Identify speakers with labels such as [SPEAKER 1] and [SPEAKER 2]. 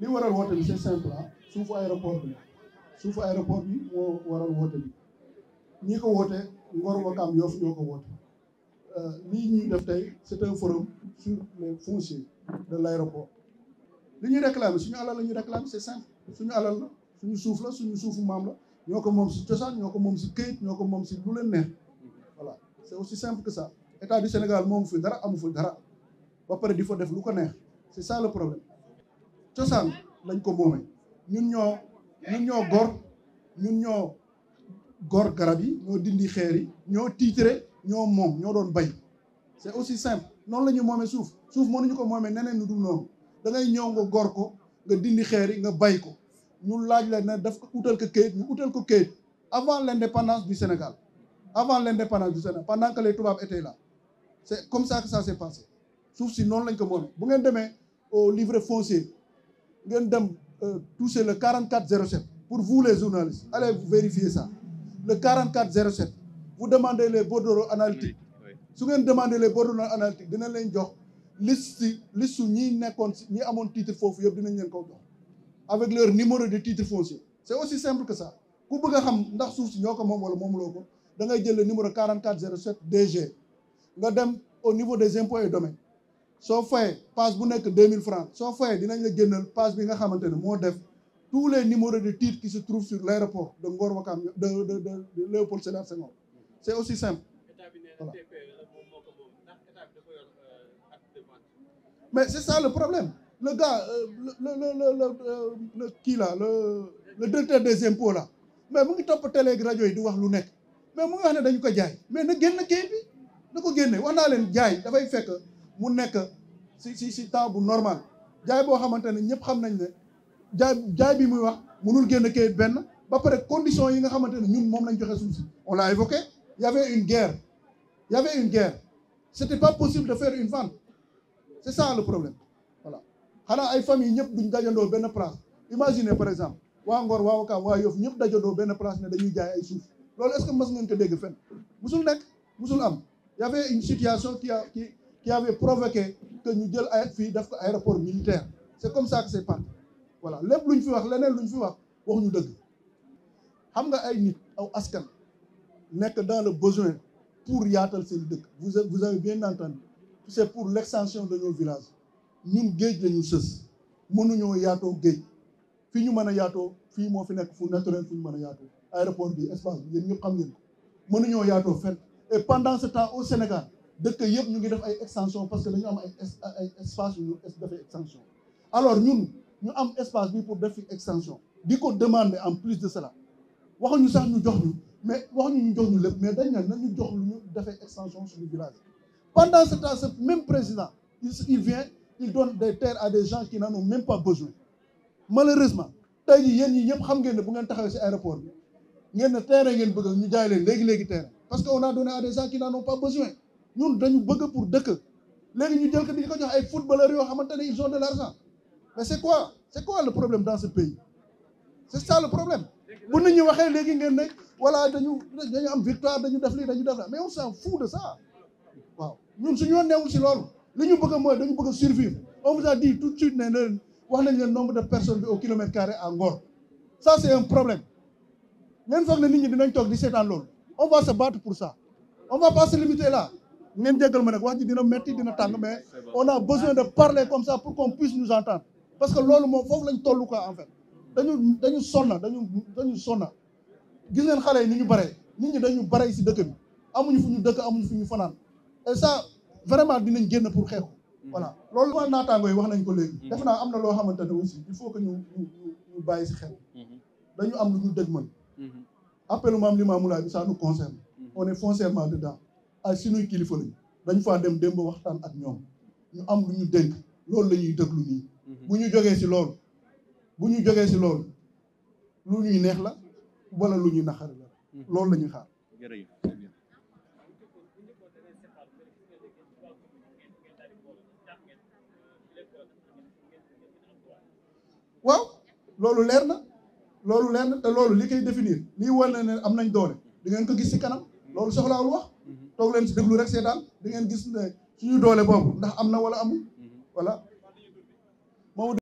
[SPEAKER 1] li waral woote bi c'est simple ah suufu aéroport bi bi moo waral woote bi ñi ko woote Ngor Wakaam Yoff ñoo ko woote euh, lii ñuy def tey c'est un forum sur les fonciers de l'aéroport li ñuy réclamer suñu alal la ñuy réclamer c'est simple suñu alal suñu suuf la suñu suufu maam la ñoo ko moom si cosaan ñoo ko moom si këyit ñoo ko moom si lu leen neex voilà c'est aussi simple que ça état du Sénégal moom fi dara amu fi dara ba pare di fa def lu ko neex c'est ça le problème cosaan lañ ko moomee ñun ñoo ñun ñoo gor ñun ñoo gor garab yi ñoo dindi xeer yi ñoo tiitre ñoo moom ñoo doon bay c'est aussi simple noonu la ñu moomee suuf suuf mënuñu ko moomee neneen nu dul noonu da ngay ñëw nga gor ko nga dindi xeer yi nga bay ko ñu laaj la ne daf ko utal ko kayit ñu utal ko kayit avant l'indépendance du Sénégal avant l'indépendance du Sénégal pendant que les tubaab étaient là c'est comme ça que ça s'est passé suuf si noonu lañ ko moomee bu ngeen demee au livre foncier ngeen dem euh, toucher le 4407 pour vous les journalistes allez vous vérifier ça le 4407 vous demandez les bordereaux analytiques su ngeen demandez les bordereaux analytiques dina leen jox liste liste ñi nekkoon ñi amoon titre foofu yëpp dinañ leen ko jox avec leur numéro de titre foncier c'est aussi simple que ça ku bëgg xam ndax suuf si ñoo ko moom wala moom loo ko da ngay jël le numéro 4407 DG nga dem au niveau des impôts et domaines soo fayee pass bu nekk deux mille francs soo fayee dinañ la génnal pass bi nga xamante ne moo def tous les numéros de titres qui se trouvent sur l' aéroport de Ngor Wakam de de de de Léopold Sédar Senghor c' aussi simple euh, mais c' ça le problème le gars euh, le le le le kii là le le directeur des impôts là mais mu ngi topp télé ak rajo yi di wax lu nekk mais mu ngi wax ne dañu ko jaay mais na génn kayit bi na ko génne wax naa leen jaay dafay fekk. mu nekk si si si temps bu normal jaay boo xamante ne ñëpp xam nañ ne jaay jaay bi muy wax mënul génn kayit benn ba pare condition yi nga xamante ne ñun moom lañ joxe suuf si on l'a évoqué y avait une guerre y avait une guerre c'était pas possible de faire une vente c'est ça le problème voilà xanaa ay famille ñëpp duñ dajandoo benn place imagine par exemple waa Ngor waa Ouakam waa Yoff ñëpp dajandoo benn place ne dañuy jaay ay suuf loolu est-ce que mës ngeen ko dégg fenn musul nekk am qui avait provoqué que ñu jël ay fii def ko aéroport militaire c'est comme ça que c'est parti voilà lépp lu ñu fi wax leneen lu ñu fi wax waxuñu dëgg xam nga ay nit aw askan nekk dans le besoin pour yaatal seen dëkk vous vous avez bien entendu c'est pour l'extension de nos villages ñun géej lañu sës mënuñoo yaatoo géej fii ñu mën a yaatoo fii moo fi nekk fu naturel fu ñu mën a yaatoo aéroport bi espace bi ñu ñëpp xam ngeen ko mënuñoo yaatoo fenn et pendant ce temps au Sénégal dëkk yëpp ñu ngi def ay extension parce que dañu am ay ay espace yu ñu defee extension alors ñun ñu am espace bi pour def fi extension di ko demande en plus de cela waxuñu sax ñu jox ñu mais waxuñu ñu jox ñu lépp mais dañ ne nañu jox lu ñu defee extension suñu village pendant ce temps ce même président il il vient il donne des terres à des gens qui n'en même pas besoin malheureusement tey jii yéen ñi ñëpp xam ngeen ne bu ngeen taxawee si aéroport bi ngeen ne a donné à des gens qui ñun dañu bëgg pour dëkk léegi ñu jël ko di ko jox ay footballeurs yoo xamante ne ils ont de l'argent mais c'est quoi c'est quoi le problème dans ce pays c'est ça le problème bu nit ñi waxee léegi ngeen ne voilà dañu dañu am victoire dañu def lii dañu def la mais on s'en fout de ça waaw ñun suñu yoon neewul si loolu li ñu bëgg mooy dañu bëgg survivre on vous a dit tout suite ne leen wax na leen nombre de personnes bi au kilomètre carré à Ngor problème ngeen foog ne nit ñi dinañ toog di seetaan loolu on va se pour ça on va pas se ngeen jéggal ma nag wax ji a besoin de parler comme ça pour qu'on puisse nous parce que loolu moom foofu lañ toll quoi en fait dañu dañu sonna dañu dañu sonna gis ngeen xale yi ni ñu bare nit ñi dañu bare si dëkk bi amuñu fu ñu dëkk amuñu fu ñu fanaan et ça vraiment dinañ génn pour xeexu voilà loolu ma naataango yi wax nañ ko léegi def naa am na loo xamante ne aussi il faut que ñu ñu bàyyi si xel dañu am lu ñu dëgg man mm-hmm. appelu li maamulaay bi ça nous concerne mm-hmm. on est foncièrement ay sunuy kilifa lañ dañ fa dem démb waxtaan ak ñoom ñu am lu ñu dénk loolu lañuy ñuy déglu nii. Mhm. bu ñu jógee si loolu bu ñu jógee ci loolu lu ñuy neex la wala lu ñuy naqari la mhm. loolu la ñuy xaar. waaw loolu leer na loolu leer na te loolu li koy définir liy war na ne am nañ doole di ngeen ko gis ci kanam loolu soxlaawul wax. toog leen si déglu rek seetaan di ngeen gis ne suñu doole boobu ndax am na wala amul wala mhm.